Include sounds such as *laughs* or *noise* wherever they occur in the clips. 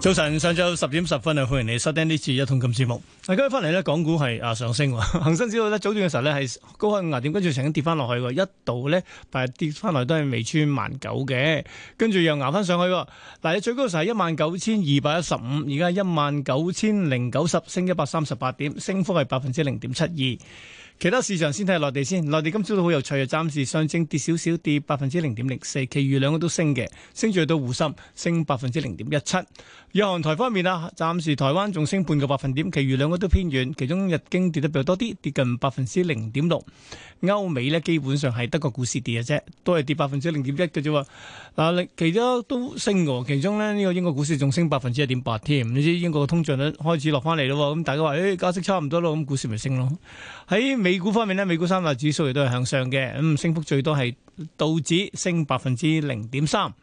早晨，上晝十點十分啊，歡迎你收聽呢次一桶金節目。大家翻嚟呢港股係啊上升喎， *laughs* 恒生指數呢早段嘅時候呢係高開五牙點，跟住曾經跌翻落去喎，一度呢，但係跌翻落去都係未穿萬九嘅，跟住又熬翻上去。嗱，你最高嘅時候係一萬九千二百一十五，而家一萬九千零九十，升一百三十八點，升幅係百分之零點七二。其他市場先睇下內地先，內地今朝都好有趣啊，暫時上證跌少少，跌百分之零點零四。其餘兩個都升嘅，升住去到滬深，升百分之零點一七。日韓台方面啊，暫時台灣仲升半個百分點，其餘兩個都偏軟。其中日經跌得比較多啲，跌近百分之零點六。歐美呢，基本上係德國股市跌嘅啫，都係跌百分之零點一嘅啫。嗱，其他都升嘅，其中呢，呢個英國股市仲升百分之一點八添。你知英國嘅通脹率開始落翻嚟咯。咁大家話誒加息差唔多咯，咁股市咪升咯。喺美股方面咧，美股三大指數亦都係向上嘅，咁、嗯、升幅最多係道指升百分之零點三。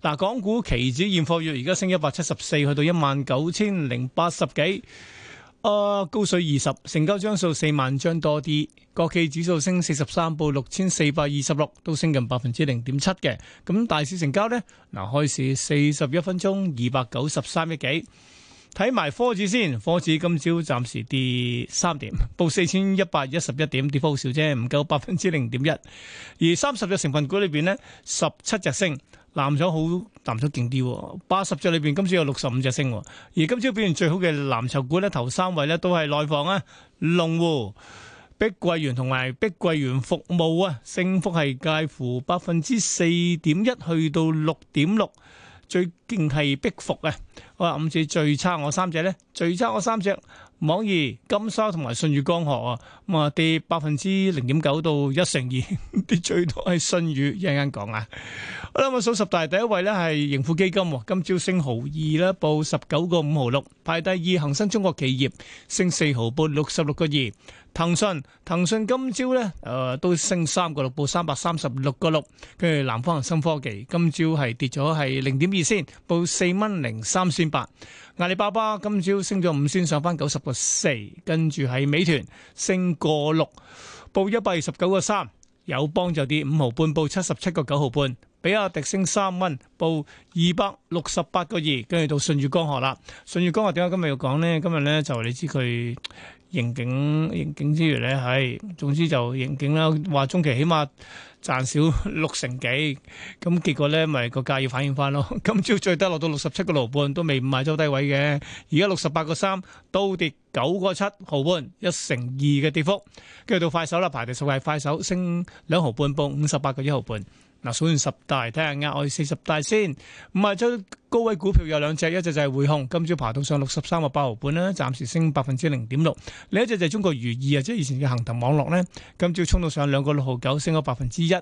嗱，港股期指現貨月而家升一百七十四，去到一萬九千零八十幾。啊，高水二十，成交張數四萬張多啲。國企指數升四十三，報六千四百二十六，都升近百分之零點七嘅。咁大市成交呢？嗱，開市四十一分鐘二百九十三億幾。睇埋科指先，科指今朝暫時跌三點，報四千一百一十一點，跌幅好少啫，唔夠百分之零點一。而三十隻成分股裏邊呢，十七隻升，藍籌好藍籌勁啲，八十隻裏邊今朝有六十五隻升。而今朝表現最好嘅藍籌股呢，頭三位呢都係內房啊，龍湖、碧桂園同埋碧桂園服務啊，升幅係介乎百分之四點一去到六點六，最勁係碧服啊。我話五隻最差，我三隻咧，最差我三隻，網易、金沙同埋信譽江河啊，咁啊跌百分之零點九到一成二，跌 1, 最多係信譽一陣間講啊。好啦，我數十大，第一位咧係盈富基金喎，今朝升毫二啦，報十九個五毫六，排第二恒生中國企業升四毫半，六十六個二。騰訊騰訊今朝咧，誒都升三個六，報三百三十六個六。跟住，南方恒生科技今朝係跌咗係零點二先，報四蚊零三仙八。阿里巴巴今朝升咗五仙，上翻九十個四。跟住喺美團升過六，報一百二十九個三。友邦就跌五毫半，報七十七個九毫半。比亞迪升三蚊，報二百六十八個二。跟住到舜宇光學啦，舜宇光學點解今日要講咧？今日咧就你知佢。盈警盈警之餘咧，唉，總之就盈警啦。話中期起碼賺少六成幾，咁結果咧咪個價要反映翻咯。今朝最低落到六十七個六半，都未賣咗低位嘅。而家六十八個三，都跌九個七毫半，一成二嘅跌幅。跟住到快手啦，排第十位，快手升兩毫半，報五十八個一毫半。嗱，數完十大，睇下額外四十大先。咁啊，就。高位股票有兩隻，一隻就係匯控，今朝爬到上六十三個八毫半啦，暫時升百分之零點六。另一隻就係中國儒意啊，即係以前嘅恒騰網絡咧，今朝衝到上兩個六毫九，升咗百分之一。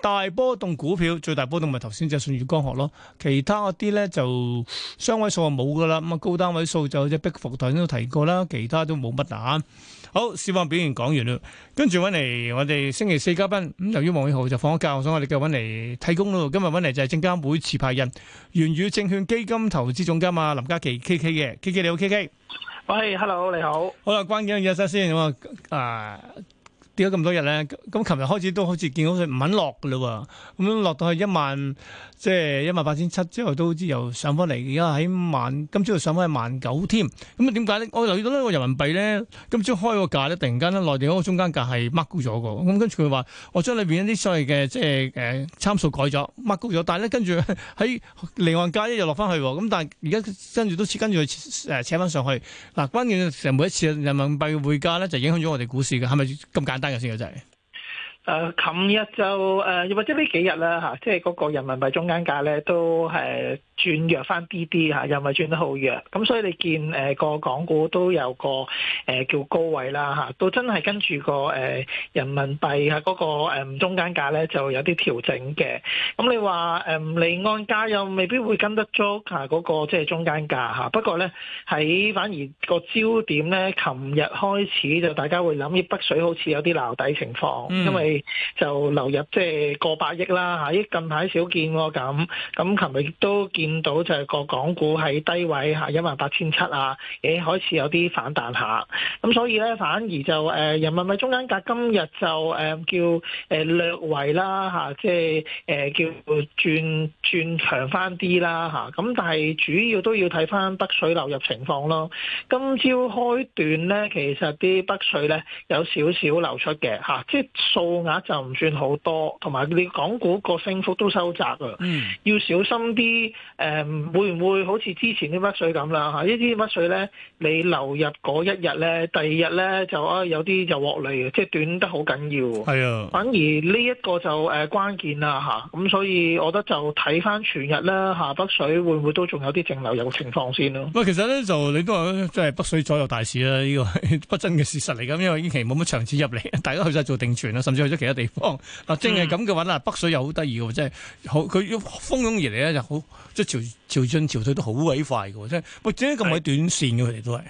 大波動股票最大波動咪頭先就舜宇光學咯，其他嗰啲咧就雙位數冇噶啦。咁啊，高單位數就即逼服，頭先都提過啦，其他都冇乜啊。好，市況表現講完啦，跟住搵嚟我哋星期四嘉賓咁，由於黃偉豪就放咗假，所以我哋繼續搵嚟睇工咯。今日搵嚟就係證監會持牌人袁宇正。基金投資總監啊，林嘉琪 K K 嘅 K K, K K 你好 K K，喂、hey, Hello 你好，好啦，關咗熱搜先咁啊，啊點解咁多日咧，咁琴日開始都好似見到佢唔肯落噶啦，咁落到去一萬。即係一萬八千七之後都好似又上翻嚟，而家喺萬，今朝又上翻去萬九添。咁啊點解咧？我留意到呢個人民幣咧，今朝開個價咧，突然間咧，內地嗰個中間價係掹高咗個。咁、嗯、跟住佢話，我將裏邊一啲所謂嘅即係誒參數改咗，掹高咗。但係咧，跟住喺離岸價一又落翻去。咁但係而家跟住都似跟住誒、呃、扯翻上去。嗱、啊、關鍵成每一次人民幣嘅匯價咧，就影響咗我哋股市嘅，係咪咁簡單嘅先嘅啫？真誒，琴日就誒，又或者呢幾日啦嚇，即係嗰個人民幣中間價咧，都係轉弱翻啲啲嚇，又唔係轉得好弱。咁所以你見誒個港股都有個誒叫高位啦嚇，都真係跟住個誒人民幣嚇嗰個中間價咧就有啲調整嘅。咁你話誒，利安加又未必會跟得足嚇嗰個即係中間價嚇。不過咧，喺反而個焦點咧，琴日開始就大家會諗啲北水好似有啲鬧底情況，因為就流入即係過百億啦吓，依近排少見喎咁。咁琴日亦都見到就係個港股喺低位吓，一萬八千七啊，誒、啊欸、開始有啲反彈下。咁、嗯、所以咧反而就誒、呃，人民幣中間價今日就誒、呃、叫誒、呃、略為啦吓、啊，即係誒、呃、叫轉轉強翻啲啦吓。咁、啊、但係主要都要睇翻北水流入情況咯。今朝開段咧，其實啲北水咧有少少流出嘅吓、啊，即係數。額就唔算好多，同埋你港股個升幅都收窄啊！嗯、要小心啲，誒、呃、會唔會好似之前啲北水咁啦？嚇、啊，一啲北水咧，你流入嗰一日咧，第二日咧就啊、哎、有啲就獲利，即係短得好緊要。係啊，反而呢一個就誒、呃、關鍵啦嚇，咁、啊嗯、所以我覺得就睇翻全日啦下、啊、北水會唔會都仲有啲淨流入情況先咯、啊。唔，其實咧就你都係即係北水左右大市啦，呢、呢個 *laughs* 不爭嘅事實嚟㗎，因為依期冇乜長線入嚟，大家去晒做定存啦，甚至即其他地方嗱，嗯、正係咁嘅話啦，北水又好得意嘅喎，即係好佢要蜂擁而嚟咧，就好即係潮潮進潮退都好鬼快嘅喎，即係不知咁鬼短線嘅佢哋都係。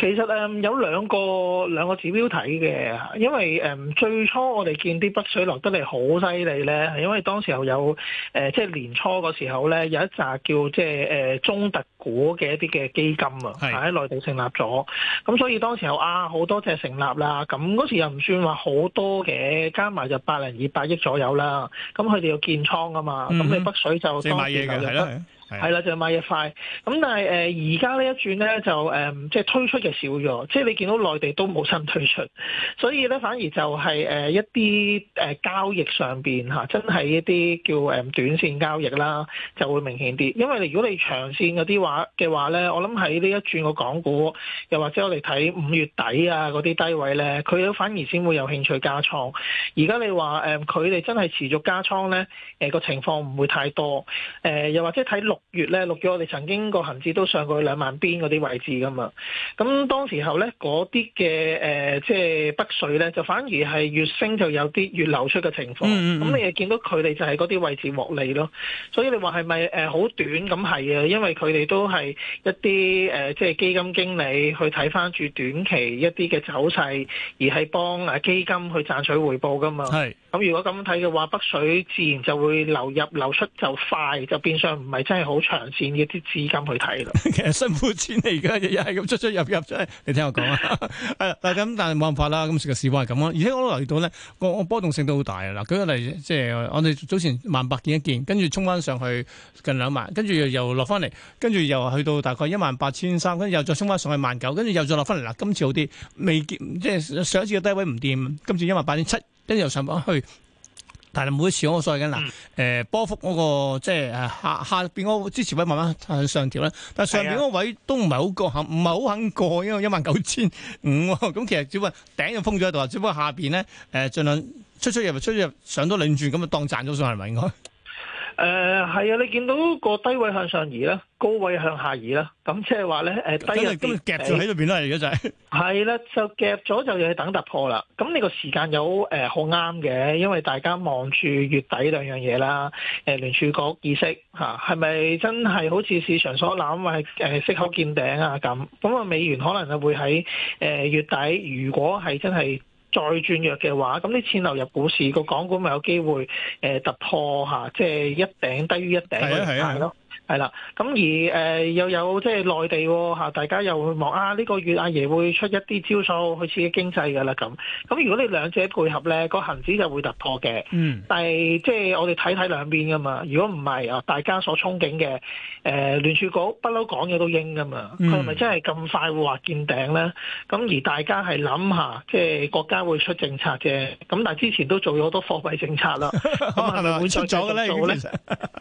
其實誒有兩個兩個指標睇嘅，因為誒、嗯、最初我哋見啲北水落得嚟好犀利咧，係因為當時候有誒、呃、即係年初嗰時候咧有一隻叫即係誒、呃、中特股嘅一啲嘅基金啊喺是內地成立咗，咁所以當時有啊好多隻成立啦，咁嗰時又唔算話好多嘅，加埋就百零二百億左右啦，咁佢哋要建倉㗎嘛，咁、嗯、哼你北水就你買嘢嘅係啦。係啦，就是、買一塊。咁但係誒而家呢一轉咧，就誒、呃、即係推出嘅少咗，即係你見到內地都冇新推出，所以咧反而就係、是、誒、呃、一啲誒交易上邊嚇，真係一啲叫誒短線交易啦，就會明顯啲。因為如果你長線嗰啲話嘅話咧，我諗喺呢一轉個港股，又或者我哋睇五月底啊嗰啲低位咧，佢都反而先會有興趣加倉。而家你話誒佢哋真係持續加倉咧，誒、呃、個情況唔會太多。誒、呃、又或者睇六。六月咧錄住，我哋曾經個恆指都上過去兩萬邊嗰啲位置噶嘛。咁當時候咧，嗰啲嘅誒，即係北水咧，就反而係越升就有啲越流出嘅情況。咁、嗯嗯、你又見到佢哋就係嗰啲位置獲利咯。所以你話係咪誒好短？咁係啊，因為佢哋都係一啲誒、呃，即係基金經理去睇返住短期一啲嘅走勢，而係幫啊基金去賺取回報噶嘛。係是。咁如果咁睇嘅話，北水自然就會流入流出就快，就變相唔係真係。好長線嘅啲資金去睇咯， *laughs* 其實辛苦錢嚟噶，日日係咁出出入入啫。你聽我講啊，嗱 *laughs* 咁 *laughs* 但係冇辦法啦。咁個市況係咁啊，而且我都留意到咧，個波動性都好大啊。嗱，舉個例，即係我哋早前萬八見一見，跟住衝翻上去近兩萬，跟住又又落翻嚟，跟住又去到大概一萬八千三，跟住又再衝翻上去萬九，跟住又再落翻嚟。嗱，今次好啲，未見即係上一次嘅低位唔掂，今次一萬八千七，跟住又上翻去。但係每一次我所謂緊，嗱，誒、嗯呃、波幅，嗰、那個即係下下邊嗰支持位慢慢向上調啦。但係上邊嗰位都唔係好過，肯唔係好肯過，因為一萬九千五喎。咁、嗯、其實只不過頂就封咗喺度，只不過下邊咧誒盡量出出入入出入上到兩轉咁就當賺咗上係咪應該？是誒係啊！你見到個低位向上移啦，高位向下移啦，咁即係話咧誒低咁夾住喺入邊啦而家就係係啦，就夾咗就要等突破啦。咁呢個時間有誒好啱嘅，因為大家望住月底兩樣嘢啦，誒、呃、聯儲局意識嚇係咪真係好似市場所諗，或係誒、呃、息口見頂啊咁？咁啊美元可能就會喺誒、呃、月底，如果係真係。再轉弱嘅話，咁啲錢流入股市，個港股咪有機會誒、呃、突破嚇，即、啊、係、就是、一頂低於一頂嗰啲嘢咯。 *noise* *noise* *noise* *noise* *noise* 係啦，咁而誒又有即係內地嚇，大家又會望啊呢個月阿爺會出一啲招數去刺激經濟噶啦咁。咁如果你兩者配合咧，個恆指就會突破嘅。嗯、like er。但係即係我哋睇睇兩邊噶嘛。如果唔係啊，大家所憧憬嘅誒聯儲局不嬲講嘢都應噶嘛。佢係咪真係咁快會話見頂咧？咁而大家係諗下，即係國家會出政策嘅。咁但係之前都做咗好多貨幣政策啦。咁係咪會出咗咧？咁咧？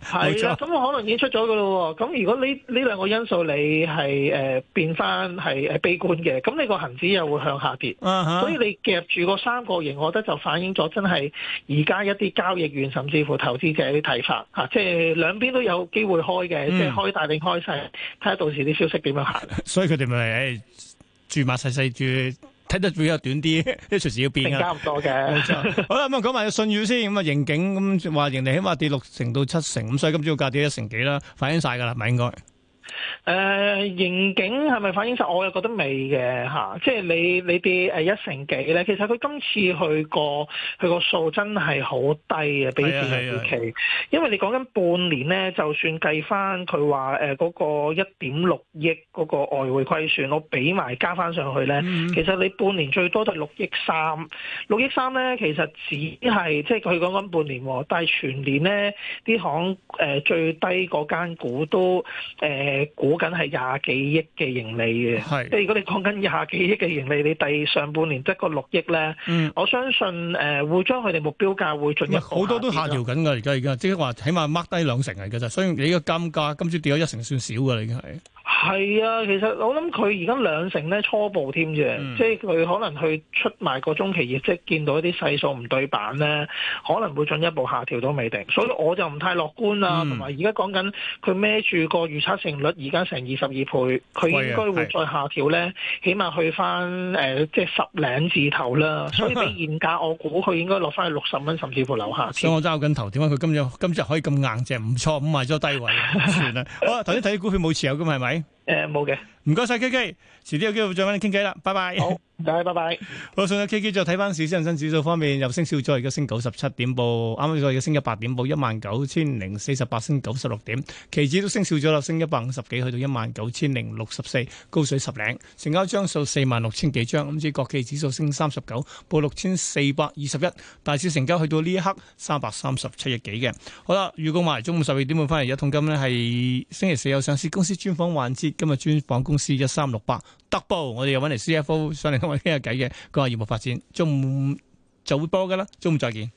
係啦，咁可能已經出咗。咯，咁如果呢呢兩個因素你係誒變翻係誒悲觀嘅，咁你個恆指又會向下跌，uh huh. 所以你夾住個三角形，我覺得就反映咗真係而家一啲交易員甚至乎投資者啲睇法嚇、啊，即係兩邊都有機會開嘅，mm. 即係開大定開細，睇下到時啲消息點樣行。 *laughs* 所以佢哋咪誒住馬細細注。睇得比較短啲，啲隨時要變啦。差唔多嘅，冇錯。好啦，咁啊講埋信譽先。咁啊，盈警咁話人哋起碼跌六成到七成，咁所以今朝價跌一成幾啦，反映晒㗎啦，咪應該。誒，盈警係咪反映實？我又覺得未嘅吓，啊，即係你你啲誒一成幾咧。其實佢今次去過佢個數真係好低嘅，比自己預期。啊啊，因為你講緊半年咧，就算計翻佢話誒嗰個一點六億嗰個外匯虧損，我俾埋加翻上去咧，嗯，其實你半年最多都係六億三，六億三咧，其實只係即係佢講緊半年，但係全年咧啲行誒，呃，最低嗰間股都誒。呃你估緊係廿幾億嘅盈利嘅，即係是如果你講緊廿幾億嘅盈利，你對上半年得個六億咧，嗯、我相信誒、呃、會將佢哋目標價會進一步下跌，好多都下調緊㗎，而家而家即係話起碼掹低兩成嚟㗎咋，所以你呢個金價今次跌咗一成算少㗎啦，已經係。係啊，其實我諗佢而家兩成咧初步添啫。嗯、即係佢可能去出埋個中期業績，見到一啲細數唔對版咧，可能會進一步下調都未定。所以我就唔太樂觀啊。同埋而家講緊佢孭住個預測成率，而家成二十二倍，佢應該會再下調咧，啊、起碼去翻誒、呃、即係十零字頭啦。所以比現價我估佢應該落翻去六十蚊，甚至乎樓下。 *laughs* 我揸緊頭，點解佢今日今日可以咁硬淨？唔錯，買咗低位算啦。我頭先睇股票冇持有㗎嘛，係咪？誒，冇嘅。唔該晒 K K，遲啲有機會再搵你傾偈啦，拜拜。好，拜拜，拜拜。好，送咗 K K，再睇翻市。恒生指數方面升升剛剛剛又升少咗，而家升九十七點，報啱啱再嘅升一百點，報一萬九千零四十八，升九十六點。期指都升少咗啦，升一百五十幾，去到一萬九千零六十四，高水十零。成交張數四萬六千幾張，咁啲國企指數升三十九，報六千四百二十一。大市成交去到呢一刻三百三十七億幾嘅。好啦，預告埋中午十二點半翻嚟一桶金呢，係星期四有上市公司專訪環節，今日專訪公。C 一三六八得波，我哋又搵嚟 CFO 上嚟，同我傾下偈嘅，佢話業務發展，中午就會播噶啦，中午再見。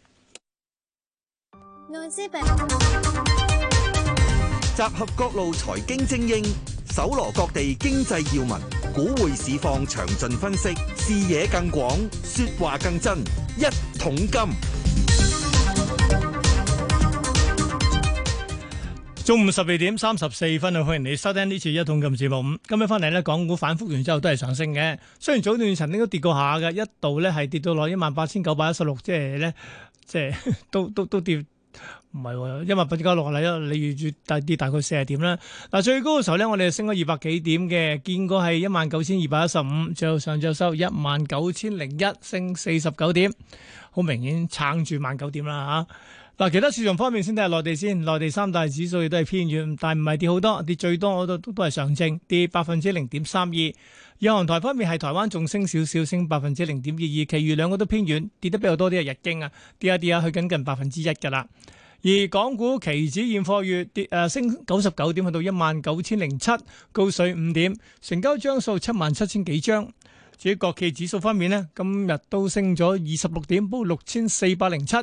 集合各路財經精英，搜羅各地經濟要聞，股匯市況詳盡分析，視野更廣，說話更真，一桶金。中午十二點三十四分啊，歡迎你收聽呢次一桶金節目。咁今日翻嚟咧，港股反覆完之後都係上升嘅。雖然早段曾經都跌過下嘅，一度咧係跌到落一萬八千九百一十六，即係咧，即係都都都跌，唔係一萬八千九百六啊，18, 90，你你預住跌大概四十點啦。嗱，最高嘅時候咧，我哋升咗二百幾點嘅，見過係一萬九千二百一十五，最後上晝收一萬九千零一，升四十九點，好明顯撐住萬九點啦吓。嗱，其他市場方面先睇下內地先，內地三大指數亦都係偏軟，但係唔係跌好多，跌最多我都都係上證跌百分之零點三二。日韓台方面係台灣仲升少少，升百分之零點二二，其餘兩個都偏軟，跌得比較多啲係日經啊，跌一跌啊，去緊近百分之一㗎啦。而港股期指現貨月跌誒升九十九點去到一萬九千零七，高水五點，成交張數七萬七千幾張。至於國企指數方面呢，今日都升咗二十六點，報六千四百零七。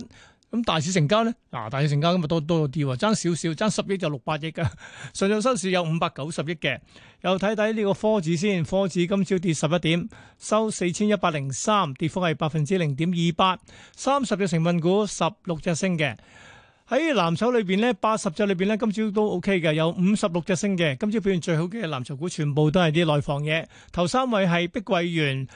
咁大市成交咧，嗱、啊、大市成交咁咪多多咗啲，爭少少，爭十億就六百億嘅、啊，上上收市有五百九十億嘅。又睇睇呢個科指先，科指今朝跌十一點，收四千一百零三，跌幅係百分之零點二八，三十隻成分股，十六隻升嘅。喺藍籌裏邊咧，八十隻裏邊咧，今朝都 O K 嘅，有五十六隻升嘅。今朝表現最好嘅藍籌股，全部都係啲內房嘢，頭三位係碧桂園、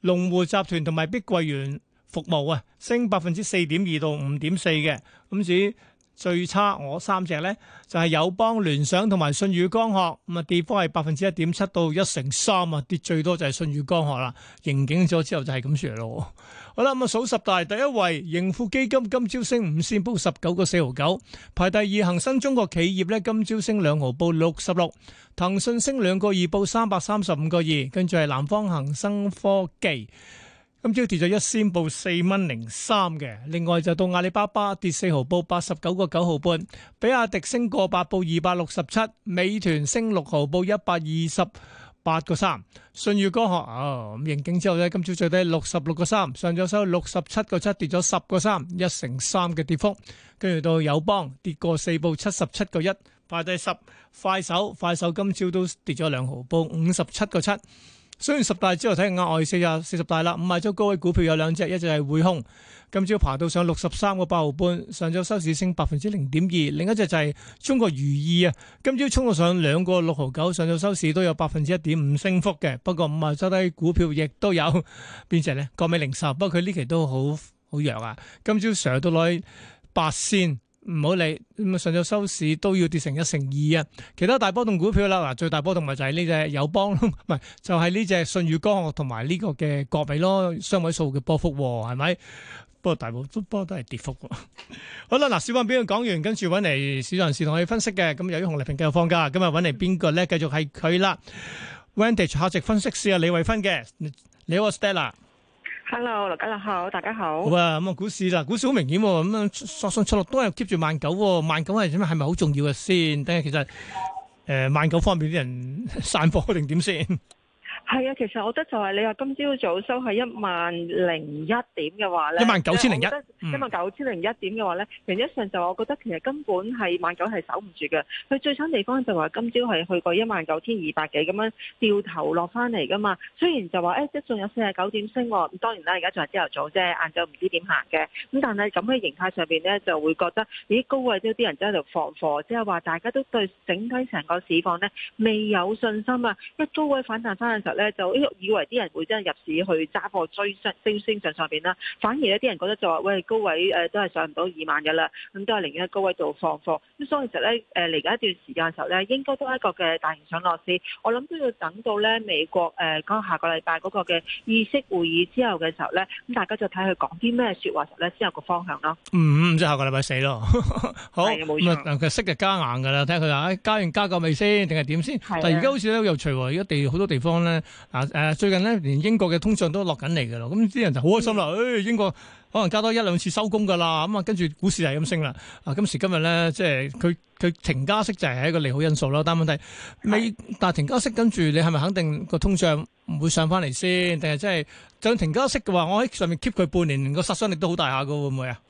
龍湖集團同埋碧桂園。服務啊，升百分之四點二到五點四嘅。咁、嗯、至於最差我三隻呢，就係、是、友邦、聯想同埋舜宇光學。咁、嗯、啊，跌幅係百分之一點七到一成三啊，跌最多就係舜宇光學啦。刑警咗之後就係咁算咯。好啦，咁、嗯、啊數十大第一位，盈富基金今朝升五線報十九個四毫九，49, 排第二恒生中國企業呢，今朝升兩毫報六十六，騰訊升兩個二報三百三十五個二，跟住係南方恒生科技。今朝跌咗一仙報四蚊零三嘅。另外就到阿里巴巴跌四毫，報八十九個九毫半。比亞迪升過八，報二百六十七。美團升六毫，報一百二十八個三。舜宇光學啊，咁盈警之後呢，今朝最低六十六個三，上咗收六十七個七，跌咗十個三，一成三嘅跌幅。跟住到友邦跌過四，報七十七個一。排第十，快手快手今朝都跌咗兩毫，報五十七個七。雖然十大之後睇額外四，啊四十大啦，五萬周高位股票有兩隻，一隻係匯控。今朝爬到上六十三個八毫半，上晝收市升百分之零點二。另一隻就係中國如意啊，今朝衝到上兩個六毫九，上晝收市都有百分之一點五升幅嘅。不過五萬周低股票亦都有邊隻呢？國美零售，不過佢呢期都好好弱啊，今朝上到去八仙。唔好理，咁啊上晝收市都要跌成一成二啊！其他大波動股票啦，嗱最大波動咪就係呢隻友邦，唔係就係呢隻信義光能同埋呢個嘅國美咯，雙位數嘅波幅係咪？不過大部都波都係跌幅。 *laughs* 好啦，嗱，小班邊個講完，跟住揾嚟市場人士同我哋分析嘅。咁由於洪麗萍繼續放假，今日揾嚟邊個咧？繼續係佢啦，Vantage 客席分析師李慧芬嘅，你好我 Stella。St Hello，劉家樂好，大家好。好啊，咁、嗯、啊，股市啦，股市好明顯、哦，咁、嗯哦、樣索上出落都係 keep 住萬九，萬九係咩？係咪好重要嘅、啊、先？等下其實誒萬九方面啲人散貨定點先。 *laughs* 係啊，其實我覺得就係你今早早話，今朝早收係一萬零一點嘅話咧，一萬九千零一，一萬九千零一點嘅話咧，原一上原則上就我覺得其實根本係萬九係守唔住嘅。佢最慘地方就話，今朝係去過一萬九千二百幾咁樣掉頭落翻嚟㗎嘛。雖然就話誒，即仲有四十九點升，咁當然啦，而家仲係朝頭早啫，晏晝唔知點行嘅。咁但係咁嘅形態上邊咧，就會覺得咦，高位都啲人真係喺度放貨，即係話大家都對整體成個市況咧未有信心啊！一高位反彈翻嘅時候咧。就以為啲人會真係入市去揸貨追升，升升上上邊啦。反而咧，啲人覺得就話，喂，高位誒，都係上唔到二萬噶啦。咁都係寧願高位度放貨。咁所以其實咧，誒嚟緊一段時間嘅時候咧，應該都係一個嘅大型上落市。我諗都要等到咧美國誒，下個禮拜嗰個嘅議息會議之後嘅時候咧，咁大家就睇佢講啲咩說話咧，先有個方向咯，嗯。嗯，即係下個禮拜四咯。 *laughs* 好，冇錯佢息就加硬噶啦，睇佢話，加完加夠未先，定係點先？的但係而家好似咧又隨和，而家地好多地方咧。啊誒，最近咧連英國嘅通脹都落緊嚟噶咯，咁啲人就好開心啦。誒、嗯哎，英國可能加多一兩次收工噶啦，咁啊跟住股市係咁升啦。啊，今時今日咧，即係佢佢停加息就係一個利好因素咯。但係問題未，但係停加息跟住你係咪肯定個通脹唔會上翻嚟先？定係即係就，是，就停加息嘅話，我喺上面 keep 佢半年，個殺傷力都好大下噶，會唔會啊？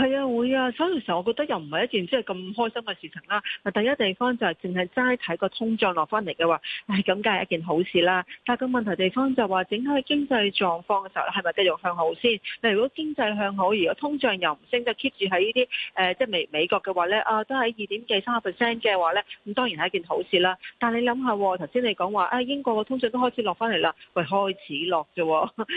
係啊，會啊，所以其實我覺得又唔係一件即係咁開心嘅事情啦。第一地方就係淨係齋睇個通脹落翻嚟嘅話，唉、哎，咁梗係一件好事啦。但係個問題地方就話整體經濟狀況嘅時候係咪繼續向好先？但如果經濟向好，如果通脹又唔升，就 keep 住喺呢啲誒即係美美國嘅話咧，啊都喺二點幾三啊 percent 嘅話咧，咁當然係一件好事啦。但係你諗下、啊，頭先你講話啊英國個通脹都開始落翻嚟啦，喂開始落啫，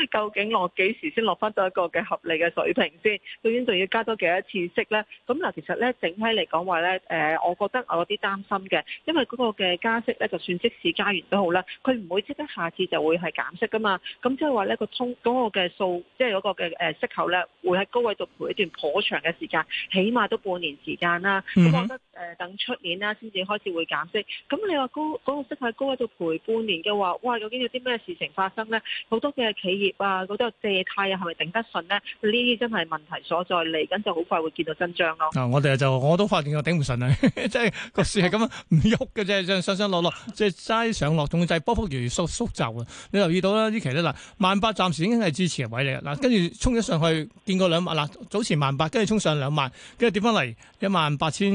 究竟落幾時先落翻到一個嘅合理嘅水平先？究竟仲要加多幾多次息咧？咁嗱，其實咧整體嚟講話咧，誒，我覺得我有啲擔心嘅，因為嗰個嘅加息咧，就算即使加完都好啦，佢唔會即刻下次就會係減息噶嘛。咁即係話咧個通嗰個嘅數，即係嗰個嘅誒息口咧，會喺高位度陪一段頗長嘅時間，起碼都半年時間啦。嗯哼。誒，等出年啦，先至開始會減息。咁你話高嗰息率高喺度陪半年嘅話，哇！究竟有啲咩事情發生咧？好多嘅企業啊，嗰啲借貸啊，係咪頂得順咧？呢啲真係問題所在嚟，緊就好快會見到真章咯。嗱，我哋就我都發現個頂唔順啊，即係個市係咁樣唔喐嘅啫，上上落落，即係齋上落，總之就係波幅越嚟縮縮就啊！你留意到啦，呢期咧嗱，萬八暫時已經係支持位嚟嗱，跟住衝咗上去，見過兩萬啦。早前萬八，跟住衝上兩萬，跟住跌翻嚟一萬八千。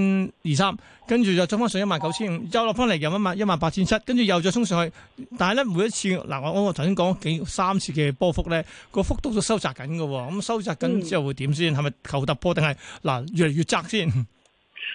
二三，跟住就衝翻上一萬九千五，又落翻嚟又一萬一萬八千七，跟住又再衝上去。但係咧，每一次嗱，我啱啱頭先講幾三次嘅波幅咧，那個幅都都收窄緊嘅。咁、嗯嗯、收窄緊之後會點先？係咪求突破定係嗱越嚟越窄先？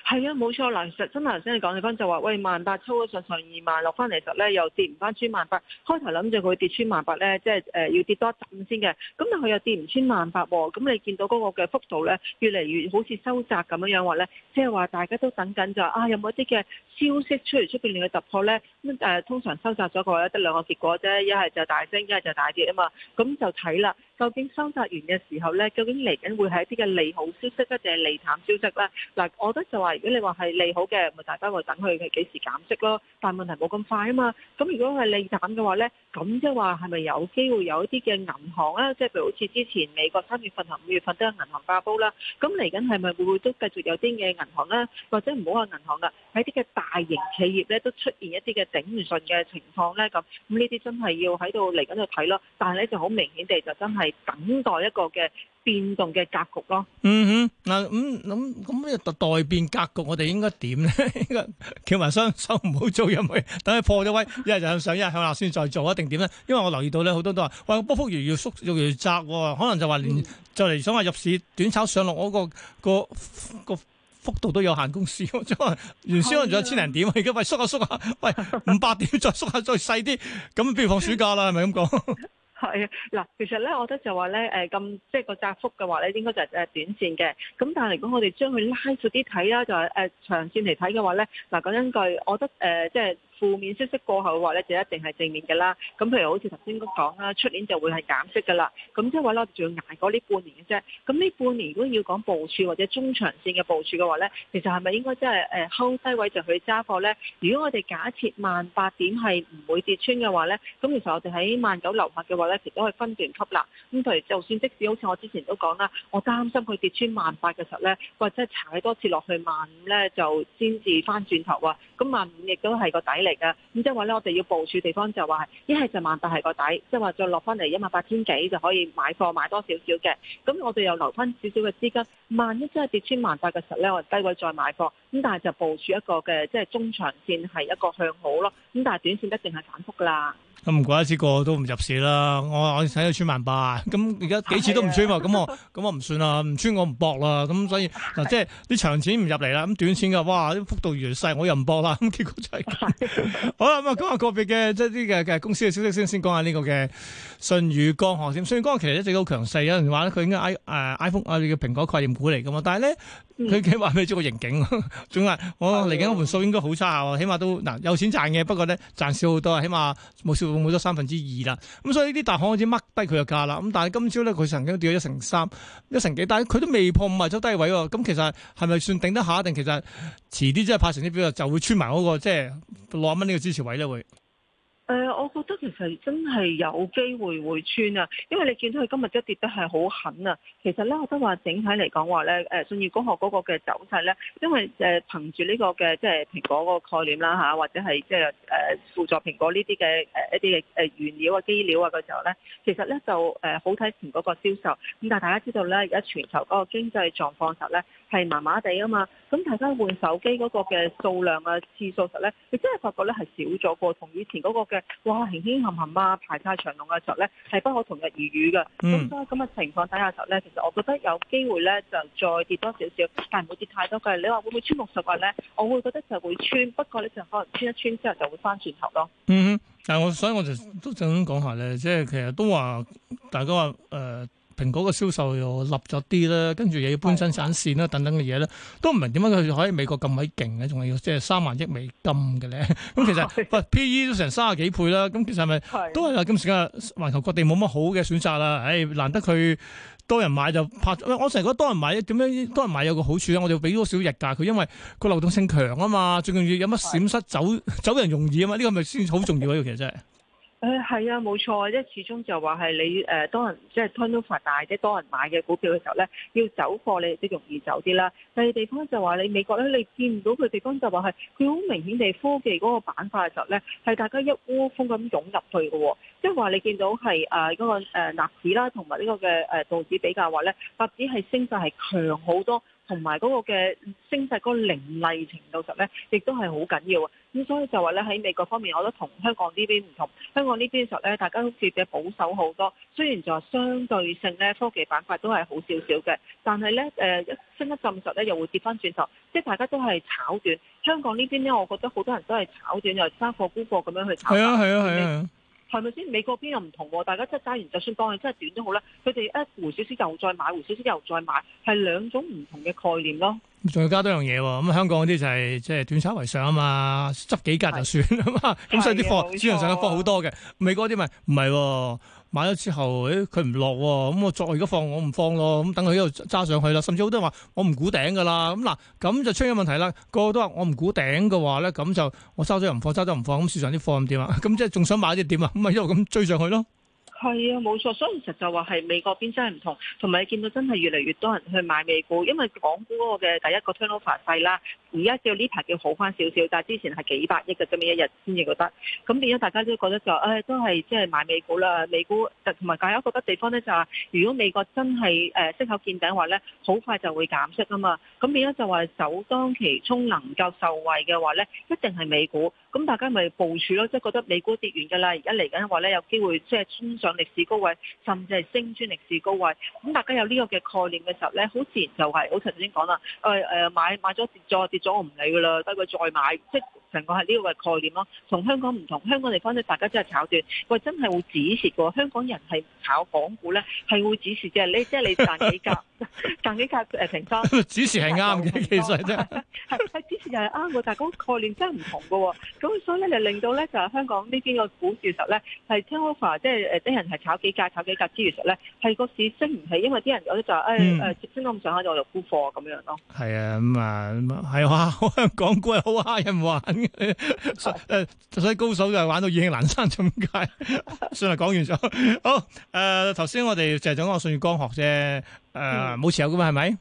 係啊，冇錯嗱，其實真係頭先你講起翻就話，喂萬八抽咗上上二萬落翻嚟，實咧又跌唔翻穿萬八。開頭諗住佢跌穿萬八咧，即係誒要跌多一陣先嘅。咁但佢又跌唔穿萬八喎。咁你見到嗰個嘅幅度咧，越嚟越好似收窄咁樣樣話咧，即係話大家都等緊就啊，有冇一啲嘅消息出嚟出邊你嘅突破咧？咁、呃、誒通常收窄咗個話，得兩個結果啫，一係就大升，一係就，就大跌啊嘛。咁就睇啦。究竟收窄完嘅時候咧，究竟嚟緊會係一啲嘅利好消息咧，定係利淡消息咧？嗱，我覺得就話，如果你話係利好嘅，咪大家會等佢幾時減息咯。但係問題冇咁快啊嘛。咁如果係利淡嘅話咧，咁即係話係咪有機會有一啲嘅銀行咧，即係譬如好似之前美國三月份同五月份都有銀行爆煲啦。咁嚟緊係咪會會都繼續有啲嘅銀行啦，或者唔好話銀行啦，喺啲嘅大型企業咧都出現一啲嘅頂唔順嘅情況咧咁？咁呢啲真係要喺度嚟緊度睇咯。但係咧就好明顯地就真係，係等待一個嘅變動嘅格局咯。嗯哼，嗱，咁諗咁咩待變格局我，我哋應該點咧？叫埋雙手唔好做，因為等佢破咗位，一係就向上，一係向下先再做啊？定點咧？因為我留意到咧，好多都話喂，波幅越嚟越縮，越嚟越窄。可能就話連 *laughs* 就嚟想話入市短炒上落嗰、嗰個、嗰個、嗰個嗰個幅度都有限公司。 *laughs* 原先仲有千零點，而家喂縮下縮下，喂五百 *laughs* 點再縮下再細啲。咁比如放暑假啦，係咪咁講？係啊，嗱，其實咧，我覺得就、呃、話咧，誒咁即係個窄幅嘅話咧，應該就係誒短線嘅。咁但係如果我哋將佢拉闊啲睇啦，就係、是、誒、呃、長線嚟睇嘅話咧，嗱，講一句，我覺得誒、呃、即係。負面消息過後嘅話咧，就一定係正面嘅啦。咁譬如好似頭先都講啦，出年就會係減息嘅啦。咁即係話咧，我哋仲要捱過呢半年嘅啫。咁呢半年如果要講部署或者中長線嘅部署嘅話咧，其實係咪應該即係誒睺低位就去揸貨咧？如果我哋假設萬八點係唔會跌穿嘅話咧，咁其實我哋喺萬九樓下嘅話咧，其實都可以分段吸納。咁譬如就算即使好似我之前都講啦，我擔心佢跌穿萬八嘅時候咧，或者係踩多次落去萬五咧，就先至翻轉頭啊。咁萬五亦都係個底嚟。咁即係話咧，我哋要部署地方就話係，一係就萬八係個底，即係話再落翻嚟一萬八千幾就可以買貨買多少少嘅，咁我哋又留翻少少嘅資金，萬一真係跌穿萬八嘅時候咧，我哋低位再買貨，咁但係就部署一個嘅即係中長線係一個向好咯，咁但係短線一定係反覆㗎啦。咁唔怪得知個個都唔入市啦，我我睇佢穿萬八，咁而家幾次都唔穿喎，咁 *laughs* 我咁我唔算啦，唔穿我唔搏啦，咁所以嗱 *laughs* 即係啲長錢唔入嚟啦，咁短錢嘅哇啲幅度越嚟越細，我又唔搏啦，咁結果就係虧。 *laughs* *laughs* 好啦，咁啊講下個別嘅即係啲嘅嘅公司嘅消息先，先講下呢個嘅舜宇光學行先。舜宇光其實一直都好強勢，有人話咧佢應該 i 誒、uh, iPhone 啊，叫蘋果概念股嚟嘅嘛，但係咧佢幾話俾咗個刑警，總係我嚟緊嗰盤數應該好差喎，起碼都嗱有錢賺嘅，不過咧賺少好多，起碼冇少。會冇咗三分之二啦，咁、嗯、所以呢啲大行開始掹低佢嘅價啦，咁但係今朝咧佢曾經跌咗一成三、一成幾，但係佢都未破五萬周低位喎、哦，咁、嗯、其實係咪算頂得下？定其實遲啲即係拍成績表就會穿埋嗰、那個即係、就是、六啊蚊呢個支持位咧會？誒、呃，我覺得其實真係有機會會穿啊，因為你見到佢今日都跌得係好狠啊。其實咧，我都話整體嚟講話咧，誒，信義光學嗰個嘅走勢咧，因為誒憑住呢、這個嘅即係蘋果嗰個概念啦、啊、嚇，或者係即係誒輔助蘋果呢啲嘅誒一啲嘅誒原料啊、機料啊嘅時候咧，其實咧就誒好睇前嗰個銷售。咁但係大家知道咧，而家全球嗰個經濟狀況實咧係麻麻地啊嘛。咁大家換手機嗰個嘅數量啊次數實咧，你真係發覺咧係少咗過同以前嗰個嘅。哇！輕輕冚冚啊，排晒長龍嘅時候咧，係不可同日而語嘅。咁咧，咁嘅情況底下時候咧，其實我覺得有機會咧就再跌多少少，但係唔會跌太多嘅。你話會唔會穿六十個咧？我會覺得就會穿，不過咧就可能穿一穿之後就會翻轉頭咯。嗯哼，但係我，所以我就都想講下咧，即係其實都話大家話誒。呃蘋果嘅銷售又立咗啲啦，跟住又要搬新產線啦，等等嘅嘢啦，的都唔明點解佢可以美國咁鬼勁嘅，仲係要即係三萬億美金嘅咧。咁、 *laughs* 嗯、其實不的、啊、PE 都成三十幾倍啦。咁、嗯、其實係咪的都係話今時今日環球各地冇乜好嘅選擇啦？誒、哎，難得佢多人買就拍。我成日覺得多人買點樣？多人買有個好處咧，我就俾多少日㗎。佢因為個流動性強啊嘛，最重要有乜閃失的走走人容易啊嘛。呢個咪先好重要啊！要其實真係。誒係、哎、啊，冇錯，即係始終就話係你誒、呃、多人即係 turnover 大啲，多人買嘅股票嘅時候咧，要走貨你亦都容易走啲啦。第二地方就話你美國咧，你見唔到佢地方就話係佢好明顯地科技嗰個板塊嘅時候咧，係大家一窩蜂咁湧入去嘅喎、哦。即係話你見到係誒嗰個誒納指啦，同埋呢個嘅誒道指比較話咧，納指係升勢係強好多，同埋嗰個嘅升勢嗰個凌厲程度上咧，亦都係好緊要啊！咁所以就話咧喺美國方面，我覺得同香港呢邊唔同。香港呢邊嘅時候咧，大家都好似嘅保守好多。雖然就話相對性咧，科技板塊都係好少少嘅，但係咧誒一升得浸實咧，又會跌翻轉頭。即係大家都係炒短。香港呢邊咧，我覺得好多人都係炒短，又揸貨沽貨咁樣去炒。係啊係啊係啊！係咪先？美國嗰邊又唔同喎、哦，大家即係揸完，就算當係真係短都好啦。佢哋一回少少又再買，回少少又再買，係兩種唔同嘅概念咯。仲要加多樣嘢喎。咁香港啲就係即係短炒為上啊嘛，執幾格就算啊嘛。咁所以啲貨，市場 *laughs* 上嘅貨好多嘅。美國啲咪唔係喎。買咗之後，誒佢唔落喎，咁、嗯、我作為而家放，我唔放咯，咁等佢一度揸上去啦。甚至好多話我唔估頂噶啦，咁、嗯、嗱，咁、啊、就出現問題啦。個都我話我唔估頂嘅話咧，咁就我收咗又唔放，揸咗唔放，咁市場啲貨點啊？咁、嗯、即係仲想買啲點啊？咁、嗯、咪一路咁追上去咯。係啊，冇錯，所以其實就話係美國邊真係唔同，同埋你見到真係越嚟越多人去買美股，因為港股嗰個嘅第一個 turnover 細啦，而家到呢排叫好翻少少，但係之前係幾百億嘅咁樣一日先至覺得，咁變咗大家都覺得就誒、是哎、都係即係買美股啦，美股同埋大家覺得地方咧就係、是、如果美國真係誒息口見頂話咧，好快就會減息啊嘛，咁變咗就話首當其衝能夠受惠嘅話咧，一定係美股，咁大家咪部署咯，即、就、係、是、覺得美股跌完㗎啦，而家嚟緊話咧有機會即係衝上。歷史高位，甚至係升穿歷史高位，咁大家有呢個嘅概念嘅時候咧，好自然就係、是，我頭先講啦，誒、哎、誒買買咗跌咗跌咗，我唔理噶啦，得佢再買，即係成個係呢個嘅概念咯。同香港唔同，香港地方咧，大家斷真係炒短，佢真係會止蝕嘅。香港人係炒港股咧，係會止蝕嘅。你即係、就是、你賺幾格， *laughs* 賺幾格誒、呃、平倉，止蝕係啱嘅，衆其實真係係係止蝕又係啱我，但係個概念真係唔同嘅，咁所以咧就令到咧就係、是、香港呢邊個股其實咧係 cheaper 即係誒係炒幾格炒幾格之餘，實咧係個市升唔起，因為啲人有啲就係誒誒升到咁上下就嚟沽貨咁樣咯。係啊，咁、嗯、啊係哇，香港股係好蝦人玩嘅，誒、 *laughs* 啊，所以高手就玩到意興闌珊，點解？ *laughs* 算係講完咗， *laughs* 好誒，頭、呃、先我哋就係想我信月光學啫，誒、呃、冇、嗯、持有噶嘛，係咪？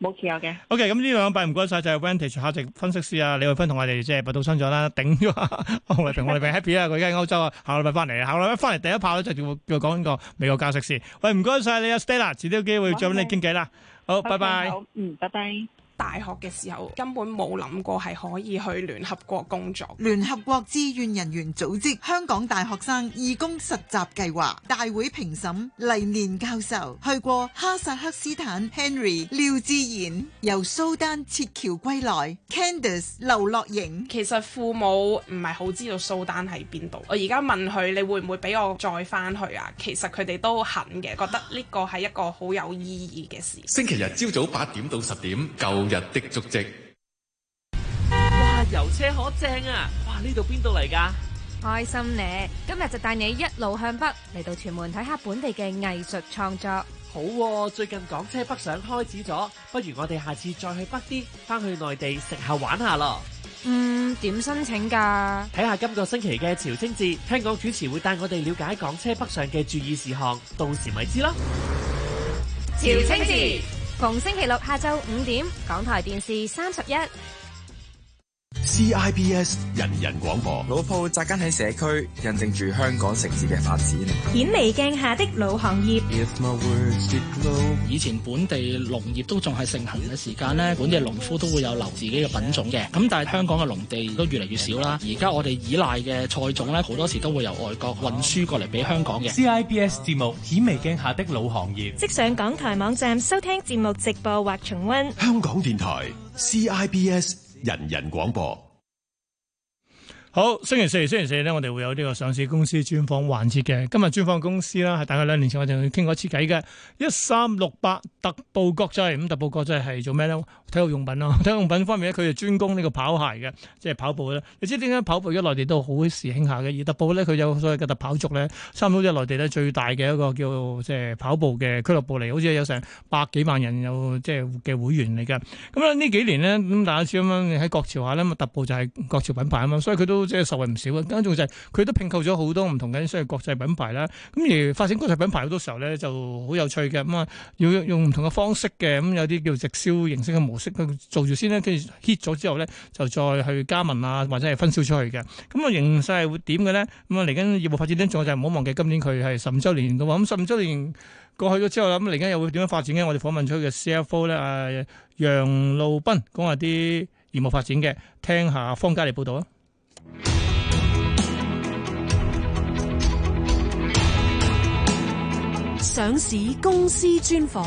冇其嘅。O K，咁呢兩位唔該晒就係、Vantage 考值分析師啊，李慧芬同我哋即係八道新作啦，頂咗。 *laughs* 我哋平，我哋 Happy 啊！佢而家喺歐洲啊，下禮拜翻嚟啊，下禮拜翻嚟第一炮咧就叫講呢個美國加息事。喂，唔該晒，你啊，Stella，遲啲有機會再揾你傾偈啦。好，拜拜 Okay, bye、okay。嗯，拜拜。大學嘅時候根本冇諗過係可以去聯合國工作。聯合國志願人員組織香港大學生義工實習計劃大會評審黎年教授去過哈薩克斯坦。Henry 廖志賢由蘇丹撤僑歸來。Candice 劉樂盈。其實父母唔係好知道蘇丹喺邊度。我而家問佢，你會唔會俾我再翻去啊？其實佢哋都肯嘅，覺得呢個係一個好有意義嘅事。星期日朝早八點到十點，日的足跡。哇，油車好正啊！哇，呢度邊度嚟㗎？開心咧！今日就帶你一路向北嚟到屯門睇下本地嘅藝術創作。好啊，最近港車北上開始咗，不如我哋下次再去北啲，翻去內地食下玩下咯。嗯，點申請㗎？睇下今個星期嘅朝清節，聽講主持會帶我哋了解港車北上嘅注意事項，到時咪知咯。朝清節。逢星期六下晝五點，港台電視三十一。CIBS 人人廣播老鋪紮根喺社區，印證住香港城市嘅發展。顯微鏡下的老行業。Grow, 以前本地農業都仲係盛行嘅時間咧，本地農夫都會有留自己嘅品種嘅。咁但係香港嘅農地都越嚟越少啦。而家我哋依賴嘅菜種咧，好多時都會由外國運輸過嚟俾香港嘅。CIBS 節目顯微鏡下的老行業，即上港台網站收聽節目直播或重溫。香港電台 CIBS。C I B S, 人人廣播。好，星期四星期四咧，我哋會有呢個上市公司專訪環節嘅。今日專訪公司啦，係大概兩年前我哋傾過一次偈嘅。一三六八特步國際，咁特步國際係做咩咧？體育用品咯、啊，體育用品方面咧，佢就專攻呢個跑鞋嘅，即係跑步啦。你知點解跑步而家內地都好時興下嘅？而特步咧，佢有所謂嘅特跑族咧，差唔多即係內地咧最大嘅一個叫即係跑步嘅俱樂部嚟，好似有成百幾萬人有即係嘅會員嚟嘅。咁咧呢幾年咧，咁大家知咁樣喺國潮下咧，特步就係國潮品牌啊嘛，所以佢都。即係受惠唔少啊！咁仲就係佢都拼購咗好多唔同嘅，所謂國際品牌啦。咁而發展國際品牌好多時候咧就好有趣嘅。咁啊，要用唔同嘅方式嘅，咁有啲叫直銷形式嘅模式，咁做住先咧，跟住 hit 咗之後咧就再去加盟啊，或者係分銷出去嘅。咁啊，形勢係會點嘅咧？咁啊，嚟緊業務發展咧，仲有就係唔好忘記今年佢係十五週年嘅話。咁十五週年過去咗之後啦，咁嚟緊又會點樣發展咧？我哋訪問出去嘅 CFO 咧，啊，阿楊路斌講下啲業務發展嘅，聽下方家嚟報道啊！。上市公司專訪。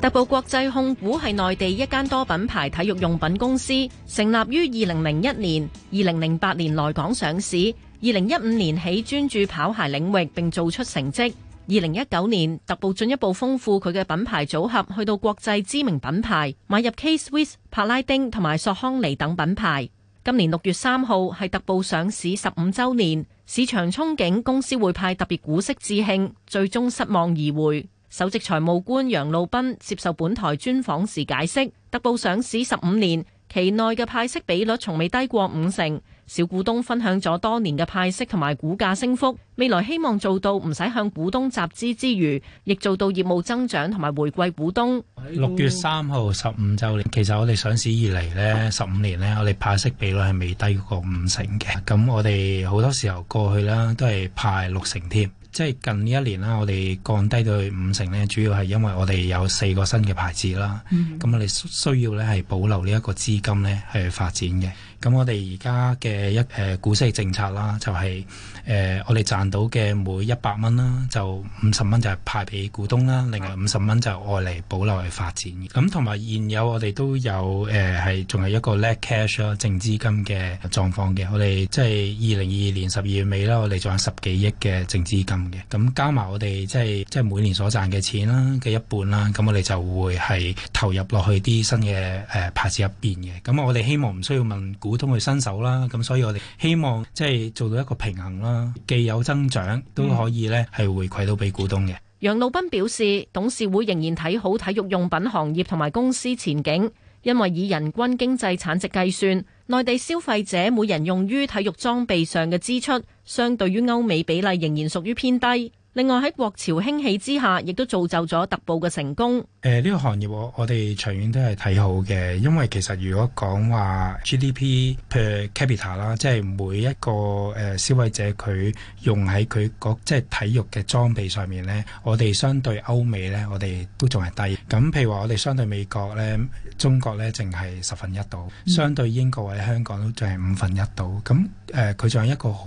特步國際控股係內地一間多品牌體育用品公司，成立於二零零一年，二零零八年來港上市，二零一五年起專注跑鞋領域，並做出成績。二零一九年，特步進一步豐富佢嘅品牌組合，去到國際知名品牌，買入 K-Swiss、柏拉丁同埋索康尼等品牌。今年六月三號係特步上市十五週年，市場憧憬公司會派特別股息致慶，最終失望而回。首席財務官楊路斌接受本台專訪時解釋，特步上市十五年，期內嘅派息比率從未低過五成。小股東分享咗多年嘅派息同埋股價升幅，未來希望做到唔使向股東集資之餘，亦做到業務增長同埋回饋股東。六月三號十五週年，其實我哋上市以嚟呢十五年呢，我哋派息比率係未低過五成嘅。咁我哋好多時候過去啦，都係派六成添。即係近呢一年啦，我哋降低到去五成呢，主要係因為我哋有四個新嘅牌子啦。咁我哋需要呢係保留呢一個資金呢，去發展嘅。咁我哋而家嘅一誒、呃、股息政策啦，就係、是、誒、呃、我哋賺到嘅每一百蚊啦，就五十蚊就派俾股東啦，另外五十蚊就外嚟，保留去發展。咁同埋現有我哋都有誒係仲係一個叻 cash 啦，啊，淨資金嘅狀況嘅，我哋即係二零二二年十二月尾啦，我哋仲有十幾億嘅淨資金嘅。咁加埋我哋即係即係每年所賺嘅錢啦嘅一半啦，咁我哋就會係投入落去啲新嘅誒、呃、牌子入邊嘅。咁我哋希望唔需要問股股東去伸手啦，咁所以我哋希望即係做到一個平衡啦，既有增長都可以咧係回饋到俾股東嘅。楊老斌表示，董事會仍然睇好體育用品行業同埋公司前景，因為以人均經濟產值計算，內地消費者每人用於體育裝備上嘅支出，相對於歐美比例仍然屬於偏低。另外喺國潮興起之下，亦都造就咗特步嘅成功。誒呢、呃這個行業我哋長遠都係睇好嘅，因為其實如果講話 GDP per capita 啦，即係每一個誒、呃、消費者佢用喺佢嗰即係體育嘅裝備上面咧，我哋相對歐美咧，我哋都仲係低。咁譬如話我哋相對美國咧，中國咧淨係十分一度；相對英國或者香港都就係五分一度。咁誒佢仲有一個好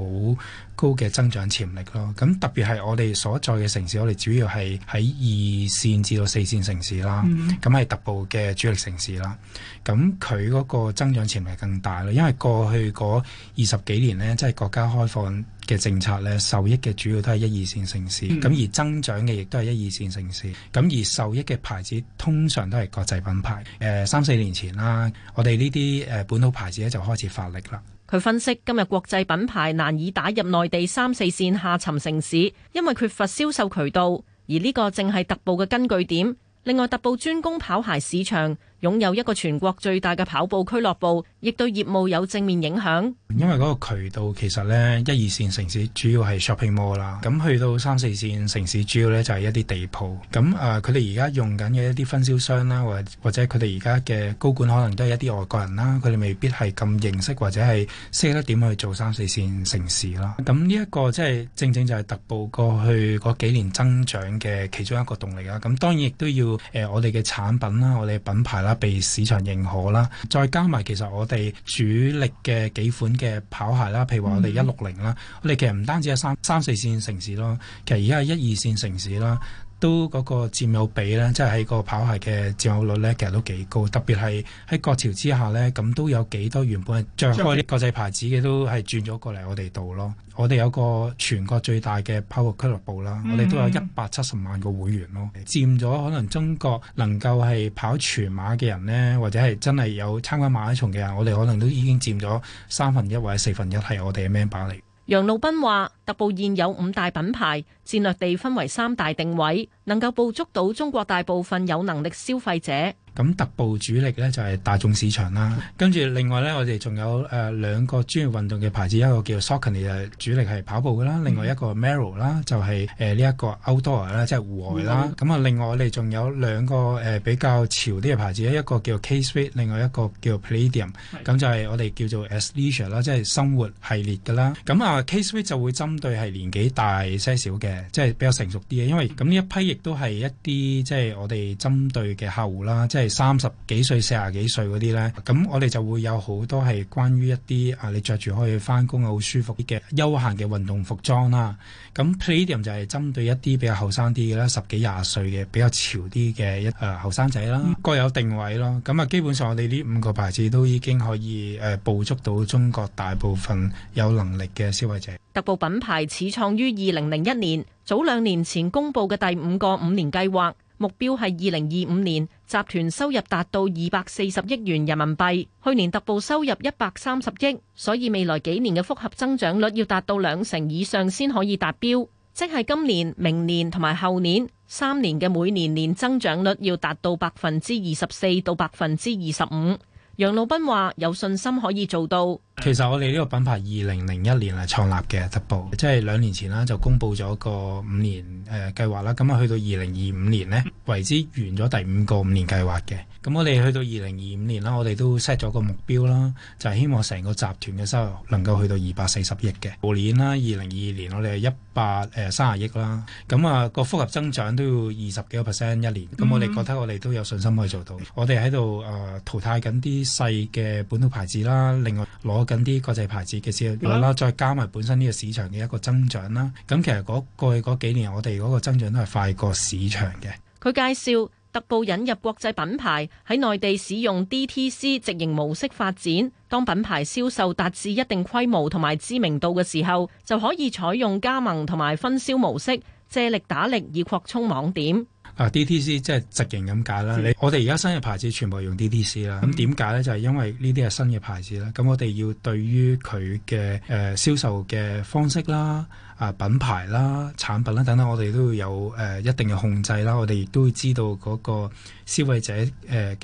高嘅增長潛力咯。咁特別係我哋。所在嘅城市，我哋主要係喺二線至到四線城市啦，咁係、嗯、特步嘅主力城市啦。咁佢嗰個增長潛力更大啦，因為過去嗰二十幾年咧，即係國家開放嘅政策咧，受益嘅主要都係一二線城市，咁、嗯、而增長嘅亦都係一二線城市。咁而受益嘅牌子通常都係國際品牌。誒、呃、三四年前啦，我哋呢啲誒本土牌子咧就開始發力啦。佢分析今日國際品牌難以打入內地三四線下沉城市，因為缺乏銷售渠道，而呢個正係特步嘅根據點。另外，特步專攻跑鞋市場。擁有一個全國最大嘅跑步俱樂部，亦對業務有正面影響，因為嗰個渠道其實咧，一二線城市主要係 shopping mall 啦，咁去到三四線城市主要咧就係一啲地鋪，咁啊，佢哋而家用緊嘅一啲分銷商啦，或或者佢哋而家嘅高管可能都係一啲外國人啦，佢哋未必係咁認識或者係識得點去做三四線城市啦。咁呢一個即係正正就係特步過去嗰幾年增長嘅其中一個動力啦。咁當然亦都要誒、呃、我哋嘅產品啦，我哋嘅品牌啦。被市場認可啦，再加埋其實我哋主力嘅幾款嘅跑鞋啦，譬如話我哋一六零啦，我哋其實唔單止係三三四線城市咯，其實而家係一二線城市啦。都嗰個佔有比咧，即係喺個跑鞋嘅佔有率咧，其實都幾高。特別係喺國潮之下咧，咁都有幾多原本著開啲國際牌子嘅都係轉咗過嚟我哋度咯。我哋有個全國最大嘅跑步俱樂部啦，我哋都有一百七十萬個會員咯。嗯、佔咗可能中國能夠係跑全馬嘅人咧，或者係真係有參加馬拉松嘅人，我哋可能都已經佔咗三分一或者四分一係我哋嘅 member 嚟。楊路斌話。特步現有五大品牌，戰略地分為三大定位，能夠捕捉到中國大部分有能力消費者。咁特步主力咧就係、是、大眾市場啦，跟住另外咧我哋仲有誒兩、呃、個專業運動嘅牌子，一個叫 Saucony，主力係跑步噶啦；，另外一個 Merrell 啦，就係誒呢一個 Outdoor 啦，即係戶外啦。咁啊、mm hmm.，另外我哋仲有兩個誒、呃、比較潮啲嘅牌子，一個叫 K-Swiss 另外一個叫 Palladium 咁就係我哋叫做 Athleisure 啦，即係生活系列噶啦。咁啊 K-Swiss 就會針。對係年紀大些少嘅，即係比較成熟啲嘅。因為咁呢一批亦都係一啲即係我哋針對嘅客戶啦，即係三十幾歲、四十幾歲嗰啲呢。咁我哋就會有好多係關於一啲啊，你着住可以翻工好舒服嘅休閑嘅運動服裝啦。咁 Palladium 就係針對一啲比較後生啲嘅啦，十幾廿歲嘅比較潮啲嘅一誒後生仔啦，各有定位咯。咁啊，基本上我哋呢五個牌子都已經可以誒、呃、捕捉到中國大部分有能力嘅消費者。特步品牌始創於二零零一年，早兩年前公佈嘅第五個五年計劃，目標係二零二五年集團收入達到二百四十億元人民幣。去年特步收入一百三十億，所以未來幾年嘅複合增長率要達到兩成以上先可以達標，即係今年、明年同埋後年三年嘅每年年增長率要達到百分之二十四到百分之二十五。楊老斌話：有信心可以做到。其實我哋呢個品牌二零零一年係創立嘅特步即係兩年前啦，就公布咗個五年誒計劃啦，咁、呃、啊去到二零二五年呢，為之完咗第五個五年計劃嘅。咁我哋去到二零二五年啦，我哋都 set 咗個目標啦，就係、是、希望成個集團嘅收入能夠去到二百四十億嘅。舊年啦，二零二二年我哋係一百誒三十億啦。咁、那、啊個複合增長都要二十幾個 percent 一年。咁我哋覺得我哋都有信心可以做到。嗯、我哋喺度誒淘汰緊啲細嘅本土牌子啦，另外攞緊啲國際牌子嘅資源啦，嗯、再加埋本身呢個市場嘅一個增長啦。咁其實嗰過去嗰幾年，我哋嗰個增長都係快過市場嘅。佢介紹。特步引入國際品牌喺內地使用 DTC 直營模式發展，當品牌銷售達至一定規模同埋知名度嘅時候，就可以採用加盟同埋分銷模式，借力打力以擴充網點。啊，DTC 即係直營咁解啦。嗯、你我哋而家新嘅牌子全部用 DTC 啦。咁點解咧？就係、係、因為呢啲係新嘅牌子啦。咁我哋要對於佢嘅誒銷售嘅方式啦、啊品牌啦、啊、產品啦等等，我哋都要有誒、呃、一定嘅控制啦。我哋亦都會知道嗰個消費者誒嘅、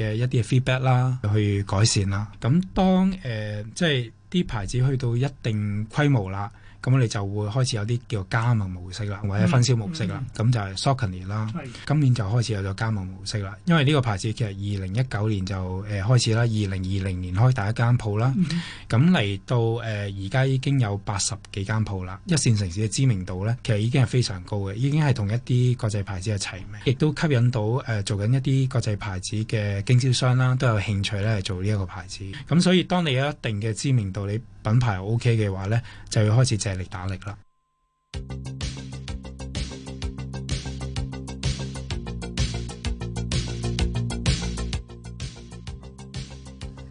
呃、一啲嘅 feedback 啦，去改善啦。咁當誒即係啲牌子去到一定規模啦。咁你就會開始有啲叫加盟模式啦，或者分銷模式啦。咁、嗯嗯、就係 Saucony 啦，今年就開始有咗加盟模式啦。因為呢個牌子其實二零一九年就誒、呃、開始啦，二零二零年開第一間鋪啦。咁嚟、嗯、到誒而家已經有八十幾間鋪啦，嗯、一線城市嘅知名度呢，其實已經係非常高嘅，已經係同一啲國際牌子係齊名，亦都吸引到誒、呃、做緊一啲國際牌子嘅經銷商啦，都有興趣咧做呢一個牌子。咁所以當你有一定嘅知名度，你品牌 OK 嘅話呢，就要開始借力打力啦。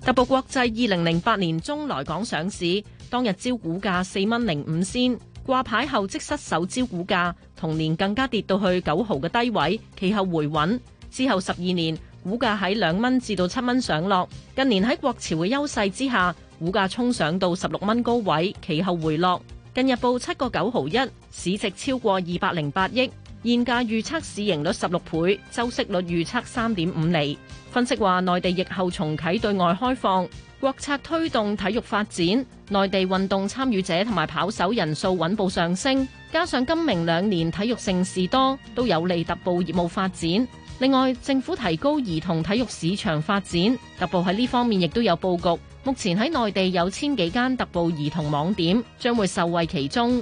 特步國際二零零八年中來港上市，當日招股價四蚊零五仙，掛牌後即失守招股價，同年更加跌到去九毫嘅低位，其後回穩，之後十二年股價喺兩蚊至到七蚊上落，近年喺國潮嘅優勢之下。股價衝上到十六蚊高位，其後回落，近日報七個九毫一，市值超過二百零八億。現價預測市盈率十六倍，周息率預測三點五厘。分析話，內地疫後重啟對外開放，國策推動體育發展，內地運動參與者同埋跑手人數穩步上升，加上今明兩年體育盛事多，都有利特步業務發展。另外，政府提高兒童體育市場發展，特步喺呢方面亦都有佈局。目前喺內地有千幾間特步兒童網點，將會受惠其中。